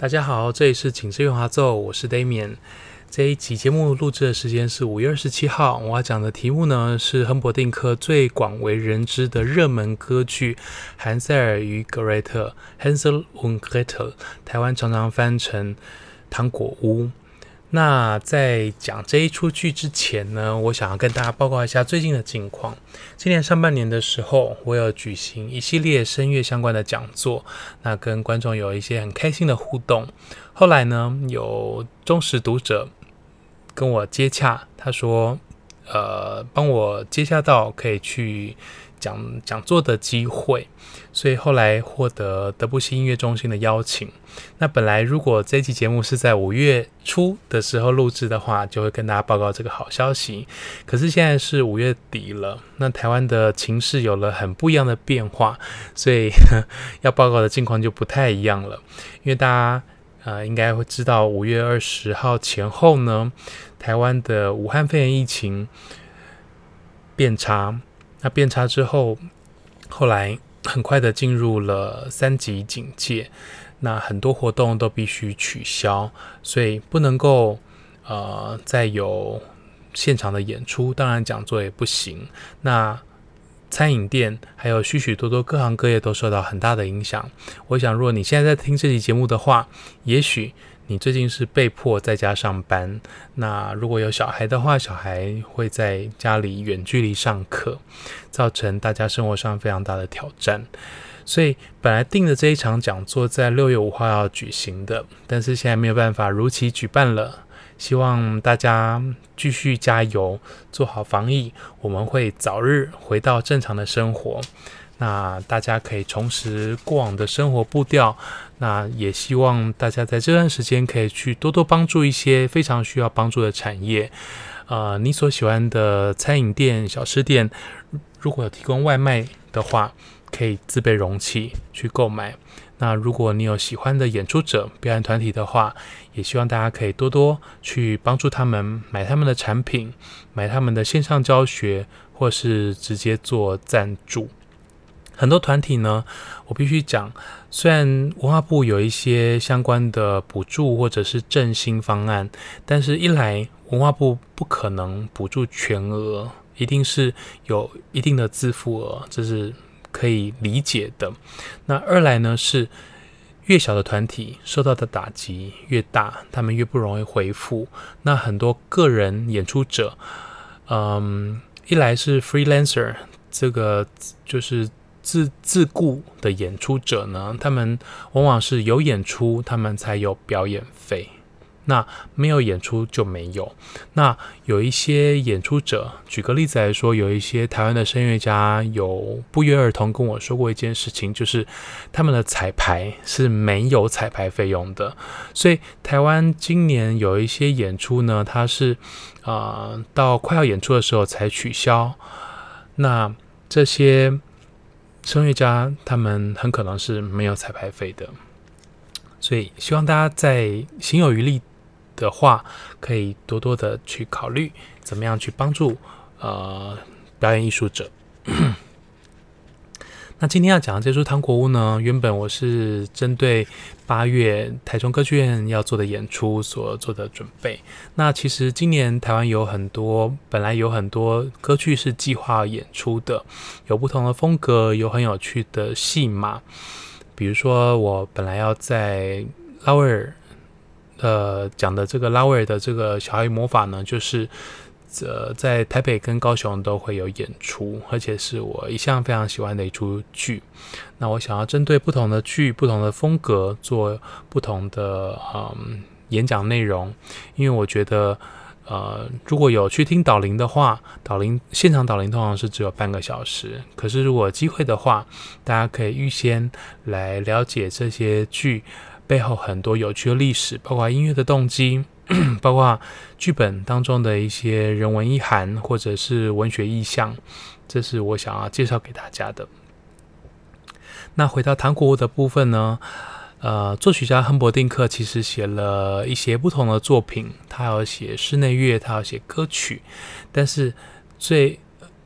大家好，這裡是緊緻圓滑奏，我是 Damian。這一集節目錄制的時間是五月二十七號，我要講的題目呢是亨柏定克最廣為人知的熱門歌劇《韓塞爾與格瑞特》（Hansel und Gretel）。台灣常常翻成糖果屋。那在講這一出劇之前呢，我想要跟大家報告一下最近的境況。今年上半年的時候，我有舉行一系列聲樂相關的講座，那跟觀眾有一些很開心的互動。後來呢，有忠實讀者跟我接洽，他說：“呃，幫我接洽到可以去。”講講座的機會，所以後來獲得德布西音樂中心的邀請。那本來如果這期節目是在五月初的時候錄製的話，就會跟大家報告這個好消息。可是現在是五月底了，那台灣的情勢有了很不一樣的變化，所以要報告的境況就不太一樣了。因為大家呃應該會知道，五月二十號前後呢，台灣的武漢肺炎疫情變差。那變差之後，後來很快的進入了三級警戒，那很多活動都必須取消，所以不能夠呃再有現場的演出，當然講座也不行。那餐飲店還有許許多多各行各業都受到很大的影響。我想，如果你現在在聽這期節目的話，也許。你最近是被迫在家上班，那如果有小孩的話，小孩會在家裡遠距離上課，造成大家生活上非常大的挑戰。所以本來定的這一場講座在六月五號要舉行的，但是現在沒有辦法如期舉辦了。希望大家繼續加油，做好防疫，我們會早日回到正常的生活。那大家可以重拾過往的生活步調，那也希望大家在這段時間可以去多多幫助一些非常需要幫助的產業。呃，你所喜歡的餐飲店、小吃店，如果有提供外賣的話，可以自備容器去購買。那如果你有喜歡的演出者、表演團體的話，也希望大家可以多多去幫助他們，買他們的產品，買他們的線上教學，或是直接做贊助。很多團體呢，我必須講，雖然文化部有一些相關的補助或者是振興方案，但是一來文化部不可能補助全額，一定是有一定的自付額，這是可以理解的。那二來呢，是越小的團體受到的打擊越大，他們越不容易恢復。那很多個人演出者，嗯，一來是 freelancer，這個就是。自自僱的演出者呢，他們往往是有演出，他們才有表演費。那沒有演出就沒有。那有一些演出者，舉個例子來說，有一些台灣的聲樂家有不約而同跟我說過一件事情，就是他們的彩排是沒有彩排費用的。所以台灣今年有一些演出呢，它是啊、呃，到快要演出的時候才取消。那這些。聲樂家他們很可能是沒有彩排費的，所以希望大家在行有餘力的話，可以多多的去考慮怎麼樣去幫助呃表演藝術者。 那今天要講的這出《糖果屋》呢，原本我是針對八月台中歌劇院要做的演出所做的準備。那其實今年台灣有很多本來有很多歌劇是計劃演出的，有不同的風格，有很有趣的戲碼。比如說我本來要在拉威爾，呃，講的這個拉威爾的這個《小孩魔法》呢，就是。呃，在台北跟高雄都會有演出，而且是我一向非常喜歡的一出劇。那我想要針對不同的劇、不同的風格做不同的嗯、呃、演講內容，因為我覺得呃，如果有去聽導聆的話，導聆現場導聆通常是只有半個小時，可是如果有機會的話，大家可以預先來了解這些劇背後很多有趣的歷史，包括音樂的動機。 包括劇本當中的一些人文意涵，或者是文學意象，這是我想要介紹給大家的。那回到《糖果屋》的部分呢，呃，作曲家亨柏定克其實寫了一些不同的作品，他，他有寫室內樂，他有寫歌曲，但是最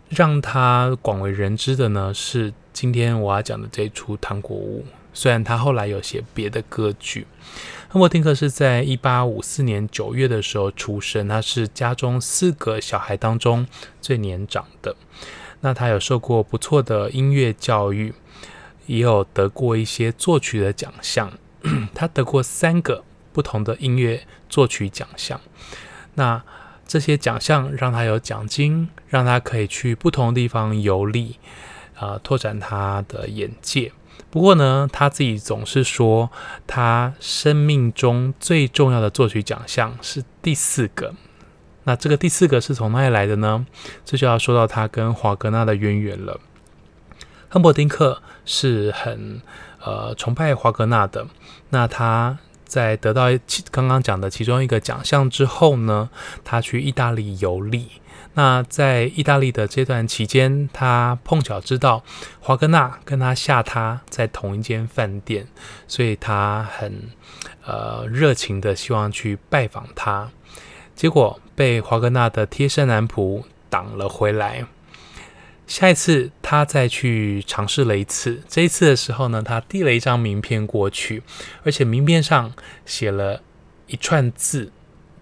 讓他廣為人知的呢，是今天我要講的這一出《糖果屋》。》雖然他後來有寫別的歌劇，亨柏定克是在一八五四年九月的時候出生，他是家中四個小孩當中最年長的。那他有受過不錯的音樂教育，也有得過一些作曲的獎項。 他得過三個不同的音樂作曲獎項。那這些獎項讓他有獎金，讓他可以去不同地方遊歷，啊、呃，拓展他的眼界。不過呢，他自己總是說，他生命中最重要的作曲獎項是第四個。那這個第四個是從哪裡來的呢？這就要說到他跟華格納的淵源了。亨柏定克是很呃崇拜華格納的。那他在得到其剛剛講的其中一個獎項之後呢，他去意大利遊歷。那在意大利的這段期間，他碰巧知道華格納跟他下榻在同一間飯店，所以他很，呃，熱情的希望去拜訪他，結果被華格納的貼身男僕擋了回來。下一次他再去嘗試了一次，這一次的時候呢，他遞了一張名片過去，而且名片上寫了一串字。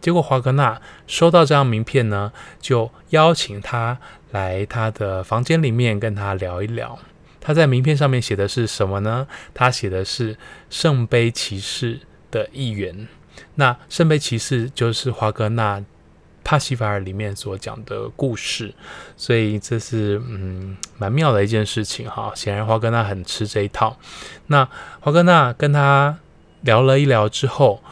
結果，華格納收到這張名片呢，就邀請他來他的房間裡面跟他聊一聊。他在名片上面寫的是什麼呢？他寫的是聖杯騎士的一員。那聖杯騎士就是華格納《帕西法爾》裡面所講的故事，所以這是嗯蠻妙的一件事情哈。顯然，華格納很吃這一套。那華格納跟他聊了一聊之後。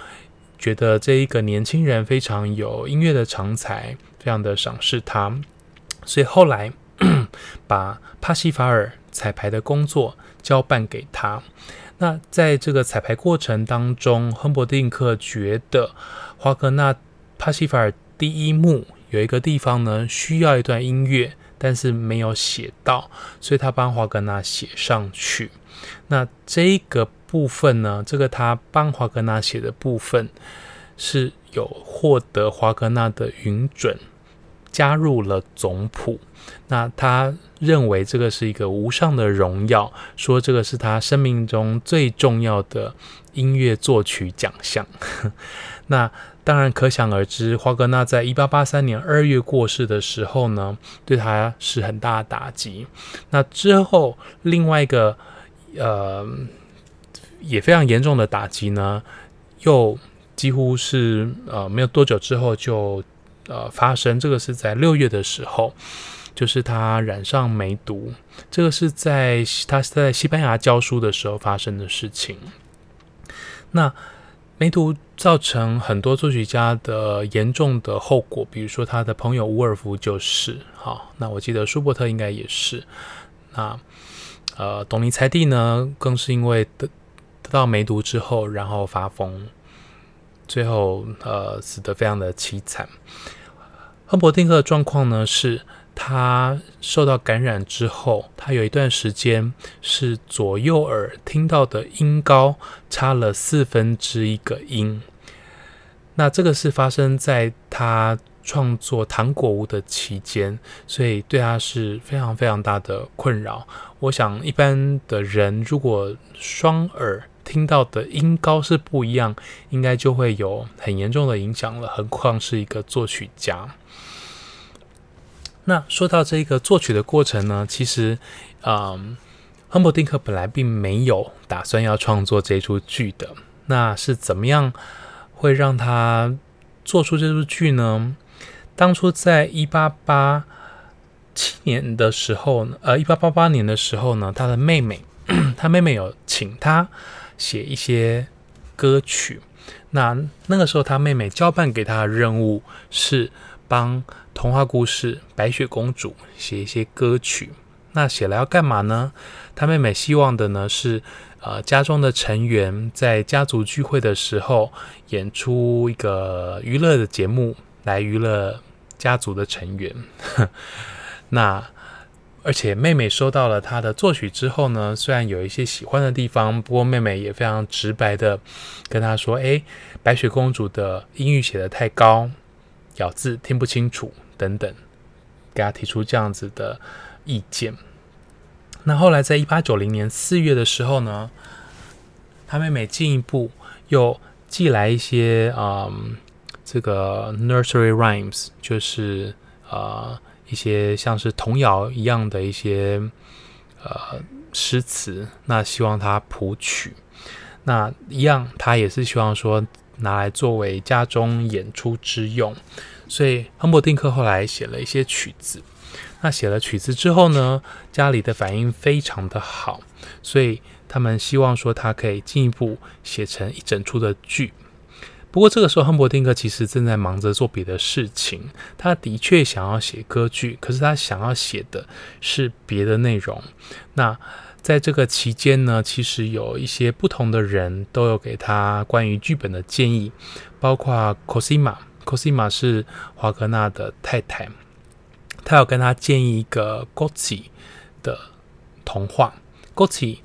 覺得這一個年輕人非常有音樂的長才，非常的賞識他，所以後來把《帕西法爾》彩排的工作交辦給他。那在這個彩排過程當中，亨柏定克覺得華格納《帕西法爾》第一幕有一個地方呢，需要一段音樂，但是沒有寫到，所以他幫華格納寫上去。那這個。部分呢，這個他幫華格納寫的部分是有獲得華格納的允准，加入了總譜。那他認為這個是一個無上的榮耀，說這個是他生命中最重要的音樂作曲獎項。 那當然可想而知，華格納在一八八三年二月過世的時候呢，對他是很大的打擊。那之後另外一個呃。也非常嚴重的打擊呢，又幾乎是呃沒有多久之後就呃發生。這個是在六月的時候，就是他染上梅毒。這個是在他是在西班牙教書的時候發生的事情。那梅毒造成很多作曲家的嚴重的後果，比如說他的朋友伍爾夫就是。好，那我記得舒伯特應該也是。那呃，董尼才弟呢，更是因為的。到梅毒之後，然後發瘋，最後呃死得非常的凄慘。亨柏定克的狀況呢，是他受到感染之後，他有一段時間是左右耳聽到的音高差了四分之一個音。那這個是發生在他創作《糖果屋》的期間，所以對他是非常非常大的困擾。我想一般的人如果雙耳聽到的音高是不一樣，應該就會有很嚴重的影響了。何況是一個作曲家。那說到這個作曲的過程呢，其實，嗯、呃，亨柏定克本來並沒有打算要創作這出劇的。那是怎麼樣會讓他做出這出劇呢？當初在一八八七年的時候，呃，一八八八年的時候呢，他的妹妹，呵呵他妹妹有請他。寫一些歌曲，那那個時候，他妹妹交辦給他的任務是幫童話故事《白雪公主》寫一些歌曲。那寫來要幹嘛呢？他妹妹希望的呢是，呃，家中的成員在家族聚會的時候演出一個娛樂的節目，來娛樂家族的成員。那。而且妹妹收到了他的作曲之後呢，雖然有一些喜歡的地方，不過妹妹也非常直白的跟他說：“哎、欸，白雪公主的音域寫的太高，咬字聽不清楚等等，給他提出這樣子的意見。”那後來在一八九零年四月的時候呢，他妹妹進一步又寄來一些啊、嗯，這個 nursery rhymes，就是啊。呃一些像是童謠一樣的一些呃詩詞，那希望他譜曲，那一樣他也是希望說拿來作為家中演出之用，所以亨柏定克後來寫了一些曲子，那寫了曲子之後呢，家裡的反應非常的好，所以他們希望說他可以進一步寫成一整齣的劇。不過這個時候，亨柏定克其實正在忙着做別的事情。他的確想要寫歌劇，可是他想要寫的是別的內容。那在這個期間呢，其實有一些不同的人都有給他關於劇本的建議，包括科西瑪。科西瑪是華格納的太太，他有跟他建議一個高吉的童話。高吉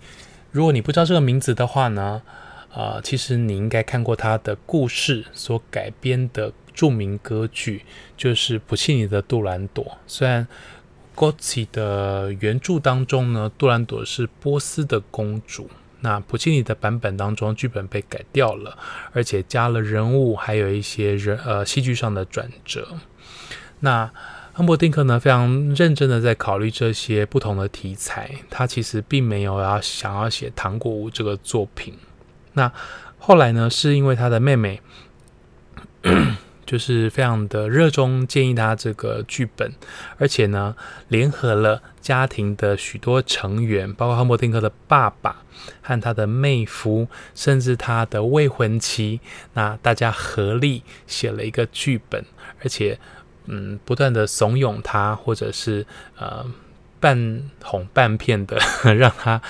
如果你不知道這個名字的話呢？啊、呃，其實你應該看過他的故事所改編的著名歌劇，就是普契尼的《杜蘭朵》。雖然 Gozzi 的原著當中呢，杜蘭朵是波斯的公主，那普契尼的版本當中，劇本被改掉了，而且加了人物，還有一些人呃戲劇上的轉折。那亨柏定克呢，非常認真的在考慮這些不同的題材，他其實並沒有要想要寫《糖果屋》這個作品。那後來呢，是因為他的妹妹咳咳就是非常的熱衷，建議他這個劇本，而且呢，聯合了家庭的許多成員，包括亨柏定克的爸爸和他的妹夫，甚至他的未婚妻，那大家合力寫了一個劇本，而且嗯，不斷的慫恿他，或者是呃半哄半騙的呵呵讓他，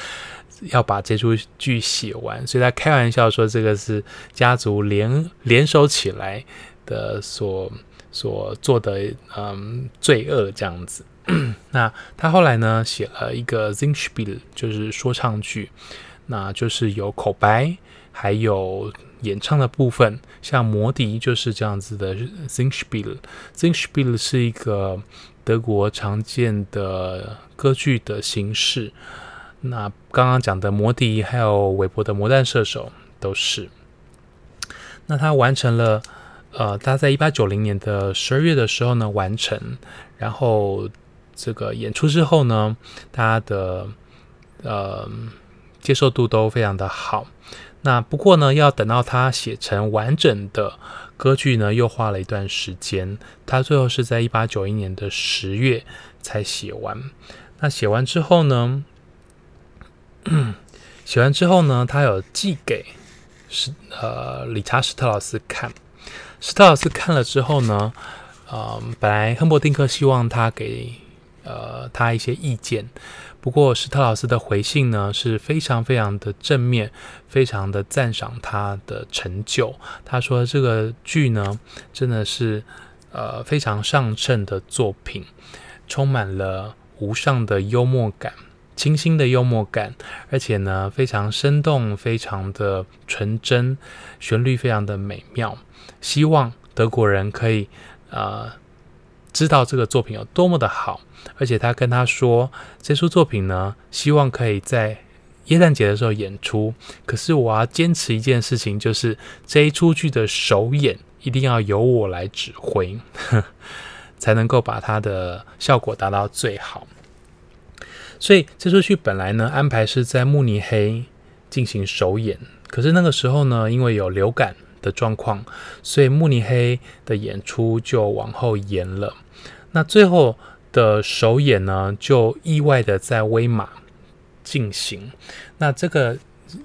要把這出劇寫完，所以他開玩笑說：“這個是家族聯聯手起來的所所做的嗯罪惡這樣子。” 那他後來呢，寫了一個 Singspiel，就是說唱劇，那就是有口白還有演唱的部分，像魔笛就是這樣子的 Singspiel。Singspiel 是一個德國常見的歌劇的形式。那剛剛講的魔笛還有韋伯的魔彈射手都是。那他完成了，呃，他在一八九零年的十二月的時候呢完成，然後這個演出之後呢，他的呃接受度都非常的好。那不過呢，要等到他寫成完整的歌劇呢，又花了一段時間。他最後是在一八九一年的十月才寫完。那寫完之後呢？寫完 之後呢，他有寄給史呃理查史特勞斯看。史特勞斯看了之後呢，呃，本來亨伯丁克希望他給呃他一些意見，不過史特勞斯的回信呢是非常非常的正面，非常的贊賞他的成就。他說這個劇呢真的是呃非常上乘的作品，充滿了無上的幽默感。清新的幽默感，而且呢，非常生動，非常的純真，旋律非常的美妙。希望德國人可以呃知道這個作品有多麼的好。而且他跟他說，這出作品呢，希望可以在耶誕節的時候演出。可是我要堅持一件事情，就是這一出劇的首演一定要由我來指揮，哼，才能夠把它的效果達到最好。所以這出劇本來呢，安排是在慕尼黑進行首演，可是那個時候呢，因為有流感的狀況，所以慕尼黑的演出就往後延了。那最後的首演呢，就意外的在威瑪進行。那這個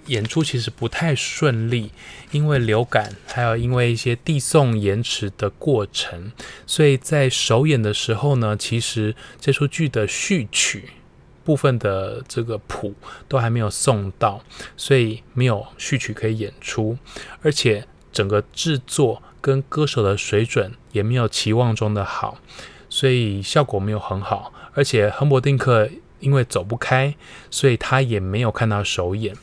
演出其實不太順利，因為流感，還有因為一些遞送延遲的過程，所以在首演的時候呢，其實這出劇的序曲。部分的這個譜都還沒有送到，所以沒有序曲可以演出，而且整個製作跟歌手的水準也沒有期望中的好，所以效果沒有很好。而且亨柏定克因為走不開，所以他也沒有看到首演。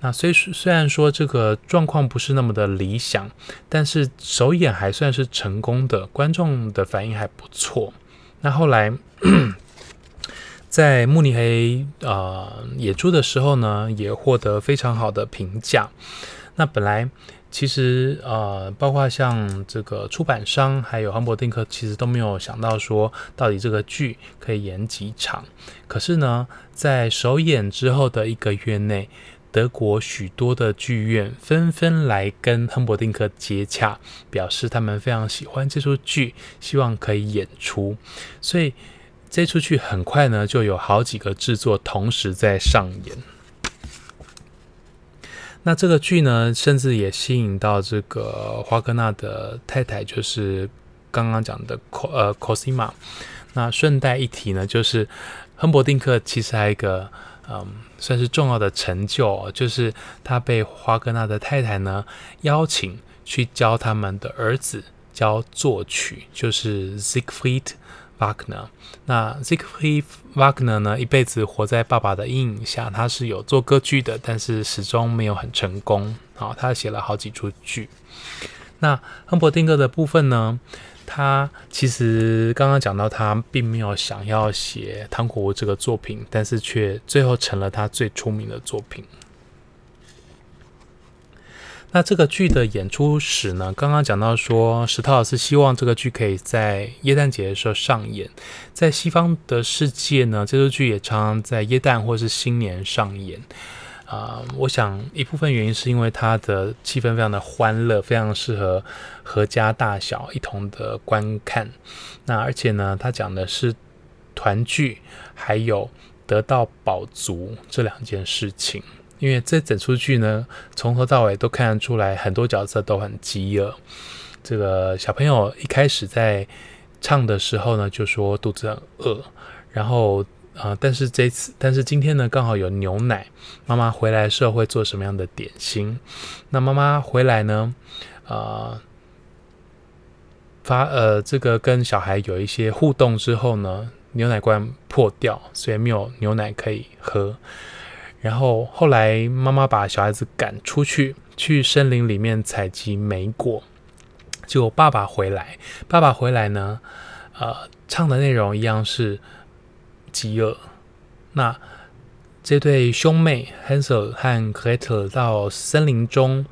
那雖雖然說這個狀況不是那麼的理想，但是首演還算是成功的，觀眾的反應還不錯。那後來。 在慕尼黑呃，演出的時候呢，也獲得非常好的評價。那本來其實呃，包括像這個出版商，還有亨柏定克，其實都沒有想到說到底這個劇可以演幾場。可是呢，在首演之後的一個月內，德國許多的劇院紛紛來跟亨柏定克接洽，表示他們非常喜歡這出劇，希望可以演出。所以。這出劇很快呢，就有好幾個製作同時在上演。那這個劇呢，甚至也吸引到這個華格納的太太，就是剛剛講的呃 Cosima。那順帶一提呢，就是亨柏定克其實還有一個嗯，算是重要的成就，哦，就是他被華格納的太太呢邀請去教他們的兒子教作曲，就是 Siegfried。瓦格納，那齊格飛華格納呢，一輩子活在爸爸的陰影下。他是有做歌劇的，但是始終沒有很成功。好、哦，他寫了好幾出劇。那亨柏定克的部分呢？他其實剛剛講到，他並沒有想要寫《糖果屋》這個作品，但是卻最後成了他最出名的作品。那這個劇的演出史呢？剛剛講到說，史特勞斯希望這個劇可以在耶誕節的時候上演，在西方的世界呢，這部劇也常常在耶誕或是新年上演啊、呃。我想一部分原因是因為它的氣氛非常的歡樂，非常適合合家大小一同的觀看。那而且呢，它講的是團聚，還有得到飽足這兩件事情。因為這整出劇呢，從頭到尾都看得出來，很多角色都很飢餓。這個小朋友一開始在唱的時候呢，就說肚子很餓。然後啊、呃，但是這次，但是今天呢，剛好有牛奶。媽媽回來的時候會做什麼樣的點心？那媽媽回來呢，啊、呃，發呃，這個跟小孩有一些互動之後呢，牛奶罐破掉，所以沒有牛奶可以喝。然後後來，媽媽把小孩子趕出去，去森林裡面採集莓果。結果爸爸回來，爸爸回來呢，呃，唱的內容一樣是飢餓。那這對兄妹 Hansel 和 Gretel 到森林中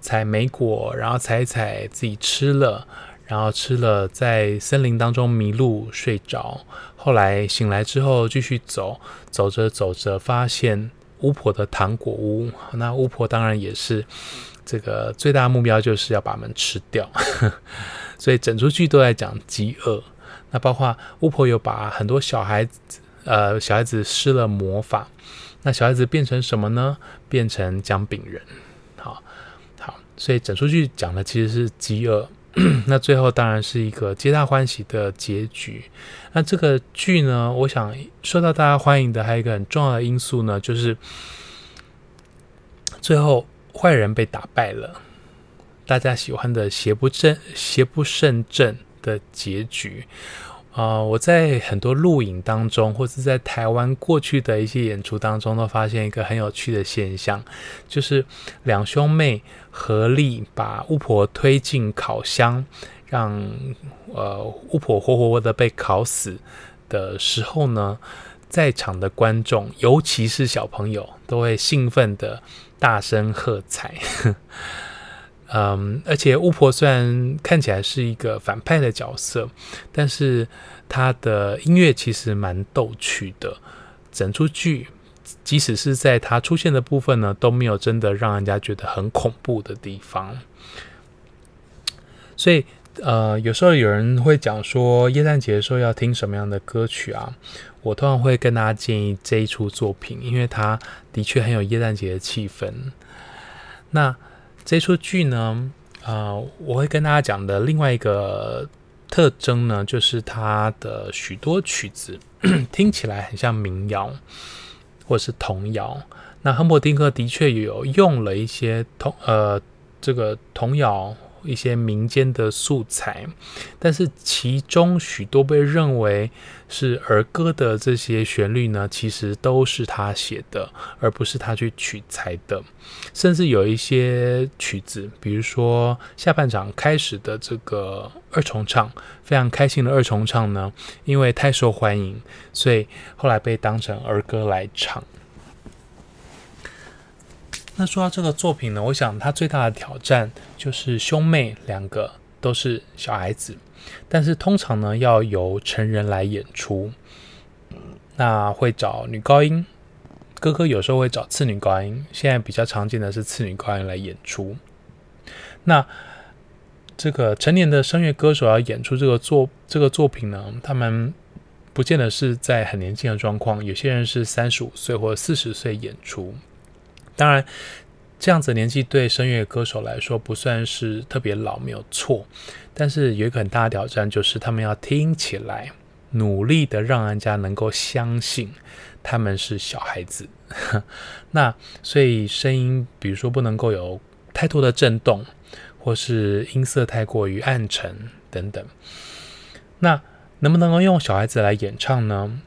採莓果，然後採一採自己吃了，然後吃了在森林當中迷路睡着。後來醒來之後繼續走，走着走着發現。巫婆的糖果屋，那巫婆當然也是這個最大的目標，就是要把他們吃掉。 所以整齣劇都在講饑餓。那包括巫婆有把很多小孩子，呃，小孩子施了魔法，那小孩子變成什麼呢？變成薑餅人。好，好，所以整齣劇講的其實是饑餓。 那最後當然是一個皆大歡喜的結局。那這個劇呢，我想受到大家歡迎的還有一個很重要的因素呢，就是最後壞人被打敗了，大家喜歡的邪不正、邪不勝正的結局。啊、呃！我在很多錄影當中，或是在台灣過去的一些演出當中，都發現一個很有趣的現象，就是兩兄妹合力把巫婆推進烤箱，讓呃巫婆活活活的被烤死的時候呢，在場的觀眾，尤其是小朋友，都會興奮的大聲喝彩。 嗯，而且巫婆雖然看起來是一個反派的角色，但是她的音樂其實蠻逗趣的。整出劇，即使是在她出現的部分呢，都沒有真的讓人家覺得很恐怖的地方。所以，呃，有時候有人會講說耶誕節的時候要聽什麼樣的歌曲啊？我通常會跟大家建議這一齣作品，因為他的確很有耶誕節的氣氛。那。這出劇呢，啊、呃，我會跟大家講的另外一個特徵呢，就是它的許多曲子呵呵聽起來很像民謠或是童謠。那亨伯丁克的確有用了一些童，呃，這個童謠一些民間的素材，但是其中許多被認為是兒歌的這些旋律呢，其實都是他寫的，而不是他去取材的。甚至有一些曲子，比如說下半場開始的這個二重唱，非常開心的二重唱呢，因為太受歡迎，所以後來被當成兒歌來唱。那說到這個作品呢，我想他最大的挑戰就是兄妹兩個都是小孩子。但是通常呢，要由成人來演出，那會找女高音，哥哥有時候會找次女高音，現在比較常見的是次女高音來演出。那這個成年的聲樂歌手要演出這個作這個作品呢，他們不見得是在很年輕的狀況，有些人是三十五歲或者四十歲演出，當然。這樣子年紀對聲樂歌手來說不算是特別老，沒有錯。但是有一個很大的挑戰，就是他們要聽起來努力的讓人家能夠相信他們是小孩子。呵，那所以聲音，比如說不能夠有太多的震動，或是音色太過於暗沉等等。那能不能夠用小孩子來演唱呢？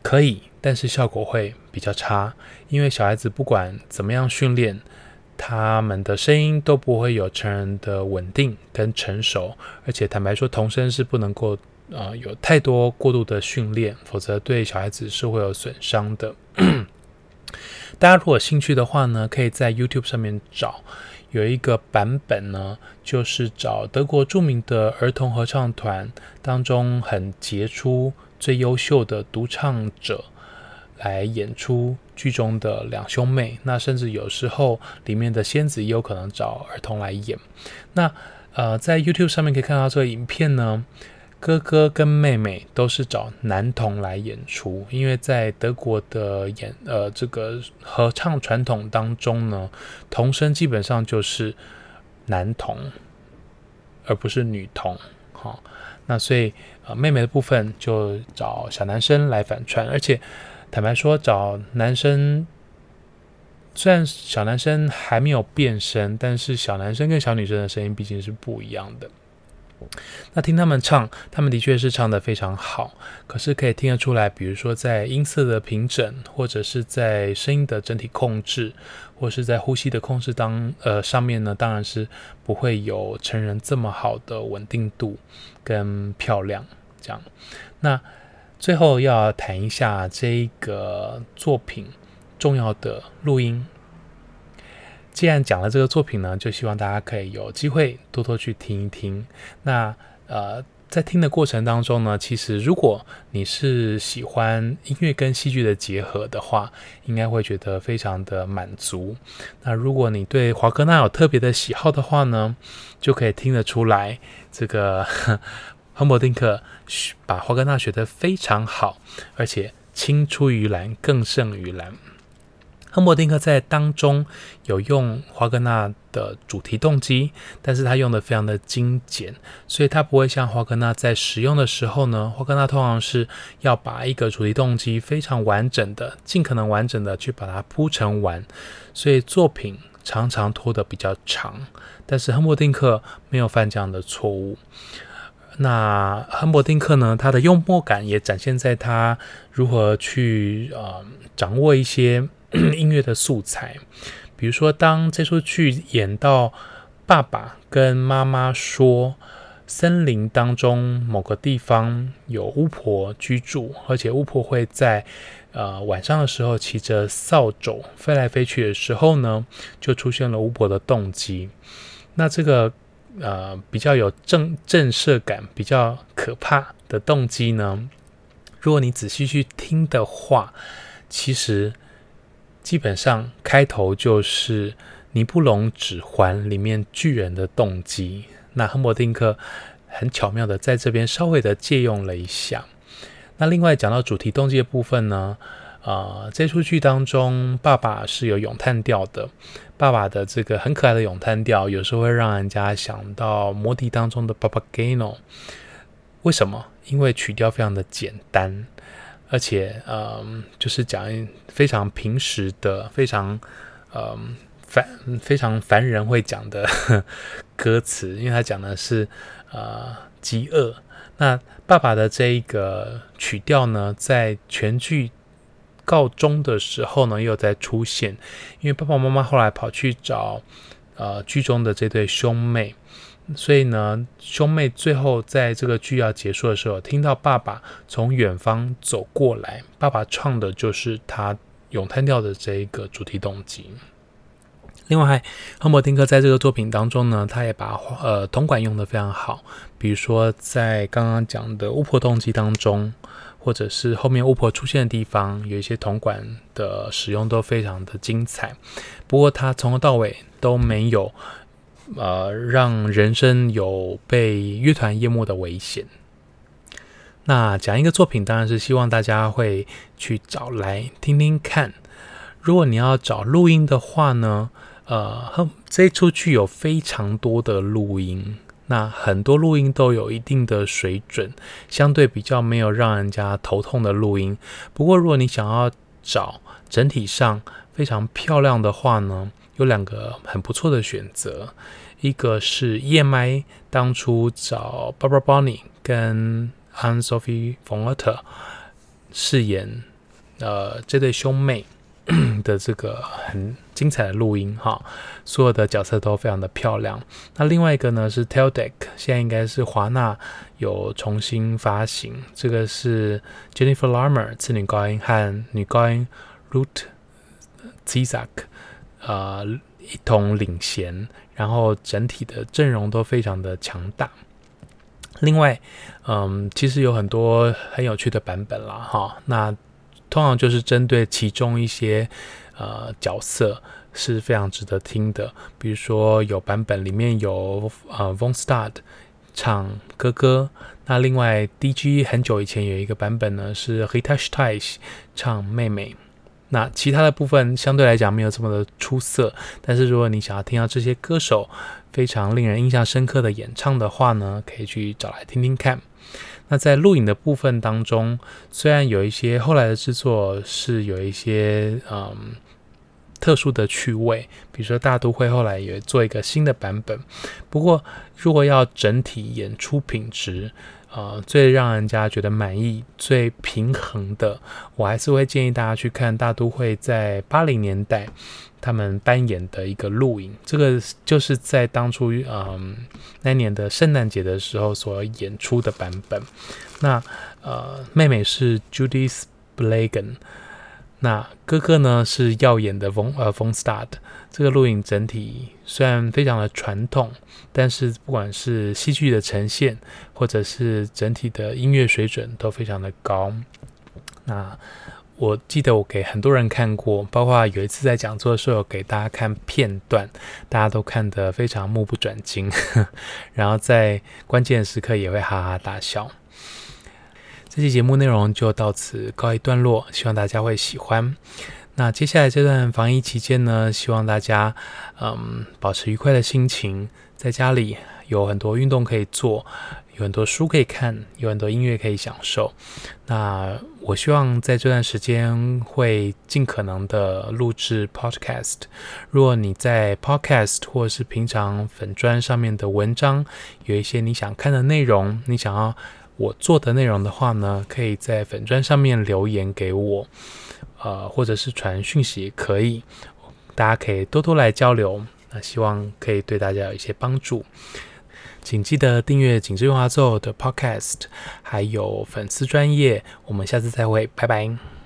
可以，但是效果會。比較差，因為小孩子不管怎麼樣訓練，他們的聲音都不會有成人的穩定跟成熟。而且坦白說，童聲是不能夠啊、呃、有太多過度的訓練，否則對小孩子是會有損傷的。 大家如果興趣的話呢，可以在 YouTube 上面找，有一個版本呢，就是找德國著名的兒童合唱團當中很傑出、最優秀的獨唱者。來演出劇中的兩兄妹，那甚至有時候裡面的仙子也有可能找兒童來演。那呃，在 YouTube 上面可以看到這個影片呢，哥哥跟妹妹都是找男童來演出，因為在德國的演呃這個合唱傳統當中呢，童聲基本上就是男童，而不是女童。好、哦，那所以呃妹妹的部分就找小男生來反串，而且。坦白說，找男生，雖然小男生還沒有變聲，但是小男生跟小女生的聲音畢竟是不一樣的。那聽他們唱，他們的確是唱得非常好，可是可以聽得出來，比如說在音色的平整，或者是在聲音的整體控制，或是在呼吸的控制當，呃，上面呢，當然是不會有成人這麼好的穩定度跟漂亮這樣。那最後要談一下這個作品重要的錄音。既然講了這個作品呢，就希望大家可以有機會多多去聽一聽。那呃，在聽的過程當中呢，其實如果你是喜歡音樂跟戲劇的結合的話，應該會覺得非常的滿足。那如果你對華格納有特別的喜好的話呢，就可以聽得出來這個。 亨柏定克把華格納學得非常好，而且青出於藍，更勝於藍。亨柏定克在當中有用華格納的主題動機，但是他用得非常的精簡，所以他不會像華格納在使用的時候呢，華格納通常是要把一個主題動機非常完整的、盡可能完整的去把它鋪成完，所以作品常常拖得比較長。但是亨柏定克沒有犯這樣的錯誤。那亨柏定克呢？他的幽默感也展現在他如何去呃掌握一些音樂的素材。比如說，當這出劇演到爸爸跟媽媽說森林當中某個地方有巫婆居住，而且巫婆會在呃晚上的時候騎着掃帚飛來飛去的時候呢，就出現了巫婆的動機。那這個。呃，比較有震震懾感，比較可怕的動機呢。如果你仔細去聽的話，其實基本上開頭就是《尼布龍指環》裡面巨人的動機。那亨柏定克很巧妙的在這邊稍微的借用了一下。那另外講到主題動機的部分呢，啊、呃，這出劇當中，爸爸是有詠嘆調的。爸爸的這個很可愛的詠嘆調，有時候會讓人家想到《魔笛》當中的《Papageno》為什麼？因為曲調非常的簡單，而且，嗯、呃，就是講非常平時的、非常，嗯、呃，凡非常凡人會講的歌詞。因為他講的是，呃，飢餓。那爸爸的這一個曲調呢，在全劇告終的時候呢，又再出現，因為爸爸媽媽後來跑去找，呃，劇中的這對兄妹，所以呢，兄妹最後在這個劇要結束的時候，聽到爸爸從遠方走過來，爸爸唱的就是他詠嘆調的這一個主題動機。另外，亨柏定克在這個作品當中呢，他也把呃銅管用的非常好，比如說在剛剛講的巫婆動機當中。或者是後面巫婆出現的地方，有一些銅管的使用都非常的精彩。不過，它從頭到尾都沒有，呃，讓人聲有被樂團淹沒的危險。那講一個作品，當然是希望大家會去找來聽聽看。如果你要找錄音的話呢，呃，哼，這一齣劇有非常多的錄音。那很多錄音都有一定的水準，相對比較沒有讓人家頭痛的錄音。不過，如果你想要找整體上非常漂亮的話呢，有兩個很不錯的選擇，一個是 EMI 當初找 Barbara Bonney 跟 Anne Sofie von Otter 飾演呃這對兄妹。的這個很精彩的錄音哈，所有的角色都非常的漂亮。那另外一個呢是 Teldec，現在應該是華納有重新發行。這個是 Jennifer Larmore 次女高音和女高音 Ruth Ziesak 啊、呃、一同領銜，然後整體的陣容都非常的強大。另外，嗯，其實有很多很有趣的版本啦哈，那。通常就是針對其中一些呃角色是非常值得聽的，比如說有版本裡面有呃 Von Stade 唱哥哥，那另外 D G 很久以前有一個版本呢是 Rita Streich 唱妹妹，那其他的部分相對來講沒有這麼的出色，但是如果你想要聽到這些歌手非常令人印象深刻的演唱的話呢，可以去找來聽聽看。那在錄影的部分當中，雖然有一些後來的製作是有一些嗯特殊的趣味，比如說大都會後來也做一個新的版本，不過如果要整體演出品質，呃，最讓人家覺得滿意、最平衡的，我還是會建議大家去看大都會在八零年代他們扮演的一個錄影，這個就是在當初嗯、呃、那年的聖誕節的時候所演出的版本。那呃，妹妹是 Judith Blegen 那哥哥呢是耀眼的風呃，風 star t 這個錄影整體雖然非常的傳統，但是不管是戲劇的呈現，或者是整體的音樂水準都非常的高。那我記得我給很多人看過，包括有一次在講座的時候給大家看片段，大家都看得非常目不轉睛， 然後在關鍵時刻也會哈哈大笑。這期節目內容就到此告一段落，希望大家會喜歡。那接下來這段防疫期間呢，希望大家嗯保持愉快的心情，在家裡有很多運動可以做，有很多書可以看，有很多音樂可以享受。那我希望在這段時間會盡可能的錄製 podcast。如果你在 podcast 或者是平常粉專上面的文章有一些你想看的內容，你想要。我做的內容的話呢，可以在粉專上面留言給我，呃，或者是傳訊息也可以，大家可以多多來交流。那希望可以對大家有一些幫助，請記得訂閱緊緻圓滑奏的 Podcast，還有粉絲專頁，我們下次再會，拜拜。